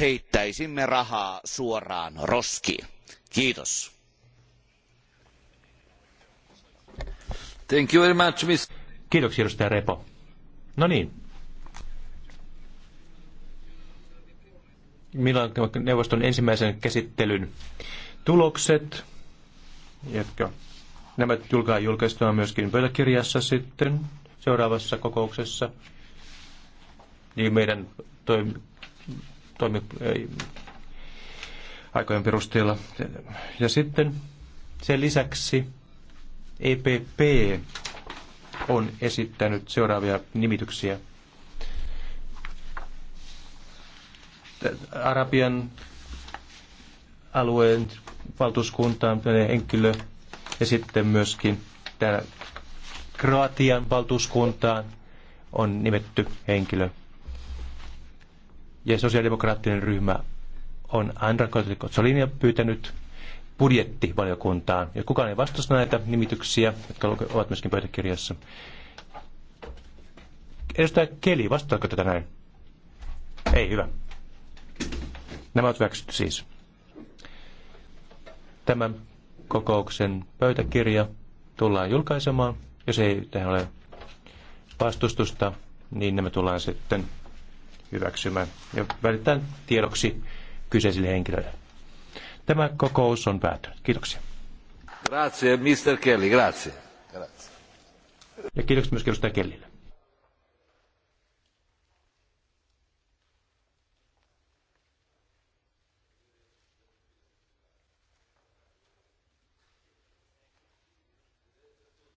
heittäisimme rahaa suoraan roskiin. Kiitos. Thank you very much, miss. Kiitoksia, edustaja Repo. No niin. Milloin neuvoston ensimmäisen käsittelyn tulokset, jotka nämä julkaa julkaistaan myöskin pöytäkirjassa sitten seuraavassa kokouksessa, niin meidän toim- toimi aikojen perusteella. Ja sitten sen lisäksi EPP on esittänyt seuraavia nimityksiä. Arabian alueen valtuuskuntaan henkilö ja sitten myöskin täällä Kroatian valtuuskuntaan on nimetty henkilö ja sosiaalidemokraattinen ryhmä on Andra Kotsolinia pyytänyt budjettivaliokuntaan. Ja kukaan ei vastusta näitä nimityksiä, jotka ovat myöskin pöytäkirjassa. Edustaja Keli, vastaako tätä näin? Ei, hyvä. Nämä ovat hyväksytty siis. Tämän kokouksen pöytäkirja tullaan julkaisemaan. Jos ei tähän ole vastustusta, niin nämä tullaan sitten hyväksymään ja välitän tiedoksi kyseisille henkilöille. Tämä kokous on päättynyt. Kiitoksia. Grazie, Mr. Kelly. Grazie. grazie. Ja kiitoksia myös edustaja Kellille.